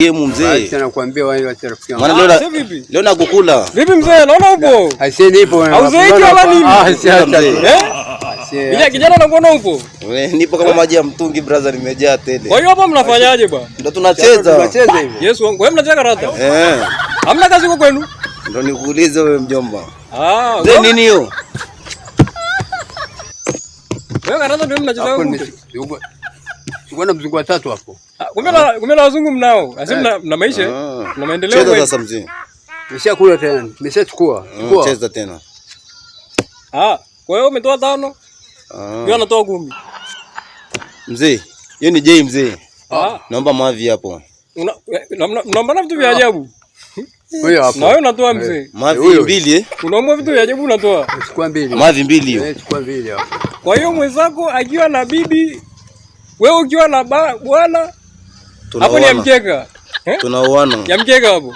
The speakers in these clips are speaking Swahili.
Game mzee. nakwambia wale wa rafiki yangu. Mwana leo ah, vipi? leo nakukula. Vipi mzee? Naona upo. Aisee ah, nipo. Hauzeeki wala nini? Ah, si acha. Eh? Ile kijana anakuona upo? Wewe nipo kama maji ya mtungi brother nimejaa tele. Kwa hiyo hapa mnafanyaje bwana? Ndio tunacheza. Tunacheza hivi. Yesu wangu. Wewe mnacheza karata? Eh. Hamna kazi huko kwenu? Ndio nikuulize wewe mjomba. Ah. Wewe nini hiyo? Wewe karata ndio mnacheza huko. Uko na mzungu wa tatu hapo. Ah, kumbe na wazungu mnao, lazima eh. mna maisha, ah. mna maendeleo. Cheza sasa mzee. Nimeshakula tena, nimeshachukua. Ah, chukua. Cheza tena. Ah, kwa hiyo umetoa tano. Yeye anatoa kumi. Mzee, hiyo ni Jay mzee. Naomba mavi hapo. Unaomba eh, na vitu vya ajabu. Huyo hapo. Na wewe unatoa eh. mzee. Mavi mbili eh? Unaomba vitu vya ajabu unatoa. Chukua mbili. Mavi mbili hiyo. Chukua mbili hapo. Kwa hiyo mwenzako akiwa na bibi, wewe ukiwa na bwana hapo ni mkeka eh? Tunaoana ya mkeka hapo,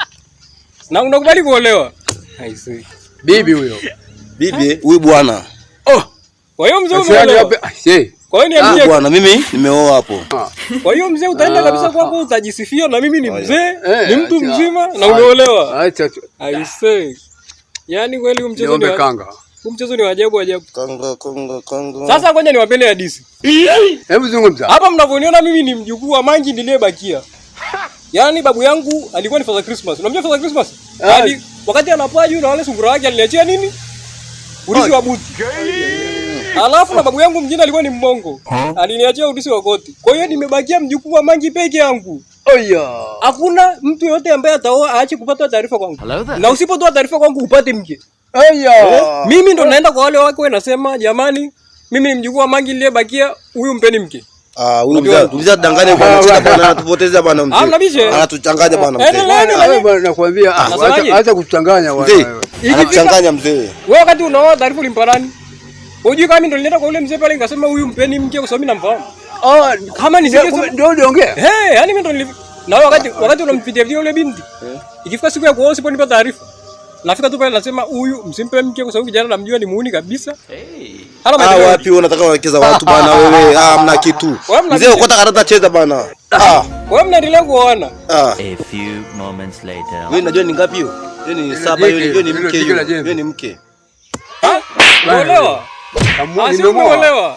na unakubali kuolewa? Haisi bibi huyo, bibi huyu bwana. Oh, kwa hiyo mzee umeolewa. Kwa hiyo ni ah, mzee bwana, mimi nimeoa hapo. Ah. Kwa hiyo mzee utaenda ah. kabisa kwako, utajisifia na mimi ni mzee, eh, ni mtu mzima na umeolewa. Acha. I Aise. Yaani kweli mchezo ndio. Niombe kanga. Huu mchezo ni wajabu wajabu. Kanga kanga kanga. Sasa ngoja niwapeni hadithi. Hebu zungumza. Hapa mnavyoniona mimi ni mjukuu wa Mangi niliyebakia. Yaani babu yangu alikuwa ni Father Christmas. Unamjua Father Christmas? Ah. Yaani wakati anapoa yule wale sungura wake aliachia nini? Urithi wa buti. Alafu na babu yangu mjini alikuwa ni Mmongo. Aliniachia urithi wa goti. Kwa hiyo nimebakia mjukuu wa Manji peke yangu. Oya. Hakuna mtu yote ambaye ataoa aache kupata taarifa kwangu. Na usipotoa taarifa kwangu upate mke. Aya. Eh? Mimi ndo naenda kwa wale wako nasema jamani, mimi ni mjukuu wa Mangi aliyebakia, huyu mpeni mke. Ah, huyu mzee tuliza tulizadanganya kwa mchana bwana ah, anatupoteza bwana mzee. Anatuchanganya bwana mzee. Wewe Bwana nakwambia acha kutuchanganya bwana. Anatuchanganya mzee. Wewe wakati unaoa taarifa ulimpa nani? Unajua kama mimi ndo nilienda kwa yule mzee pale nikasema huyu mpeni mke kwa sababu mimi namfahamu. Ah, kama ni sisi ndio ndio ongea. Eh, yani mimi ndo nilifika. Na wakati wakati unampitia yule binti. Eh? Ikifika siku ya kuoa usiponipa taarifa. Nafika tu pale nasema huyu msimpe mke kwa sababu kijana namjua ni muuni kabisa. Hey. Ah, wapi unataka kuwekeza watu bana wewe. Ah, mna kitu. Mzee ukota karata cheza bana. Ah. Wewe mnaendelea kuona. Ah. A few moments later. Wewe unajua ni ngapi hiyo? Hiyo ni saba, hiyo ni mke hiyo. Hiyo ni mke. Ah? Unaelewa? Umeolewa? Nimeolewa.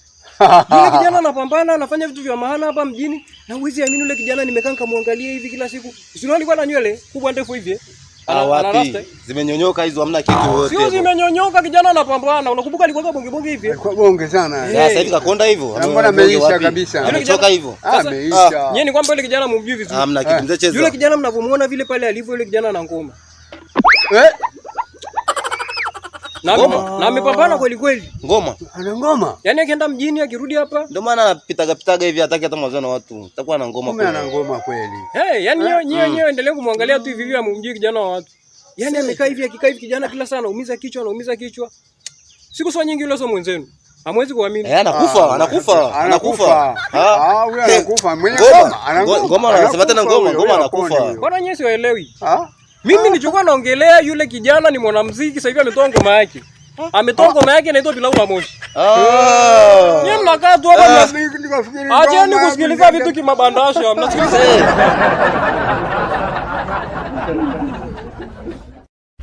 Yule kijana anapambana, anafanya vitu vya maana hapa mjini. Na uwezi amini yule kijana nimekaa nikamwangalia hivi kila siku. Sio alikuwa na nywele kubwa ndefu hivi. Eh? Ana wapi? Zimenyonyoka hizo hamna kitu yote. Sio zimenyonyoka, kijana anapambana. Unakumbuka alikuwa kwa bonge bonge hivi? Eh? Kwa bonge sana. Eh. Sasa hivi kakonda hivyo. Mbona ameisha kabisa? Anachoka hivyo. Ameisha. Ah, Yeye ni kwamba yule kijana mumjui vizuri. Hamna kitu mzee cheza. Yule kijana mnavomuona vile pale alivyo yule kijana ana ngoma. Eh? na amepambana kweli kweli. Ngoma ana ngoma, yaani akienda mjini akirudi hapa, ndio maana anapitaga pitaga hivi, hataki hata na watu, atakuwa na ngoma kweli, ana ngoma kweli. Hey, yaani yeye eh? yeye mm. yeye endelee kumwangalia tu hivi hivi, amjui kijana wa watu, yaani amekaa hivi akikaa hivi, kijana kila saa anaumiza kichwa, anaumiza kichwa, siku sio nyingi, yule sio mwenzenu. Hamwezi kuamini. Eh, anakufa, ah, anakufa, anakufa. Ah, huyu anakufa. Mwenye ngoma, ana ngoma Ngoma anasema tena ngoma, ngoma anakufa. Bwana nyinyi siwaelewi? Ah? Mimi nilichokuwa naongelea yule kijana ni mwanamuziki, sasa hivi ametoa ngoma yake. Ametoa ngoma yake inaitwa Pilau Ula Moshi. Ah. Yeye mnakaa tu hapa mnafikiri. Ah. Acha nikusikiliza vitu kimabandasha, mnasikiliza. Eh.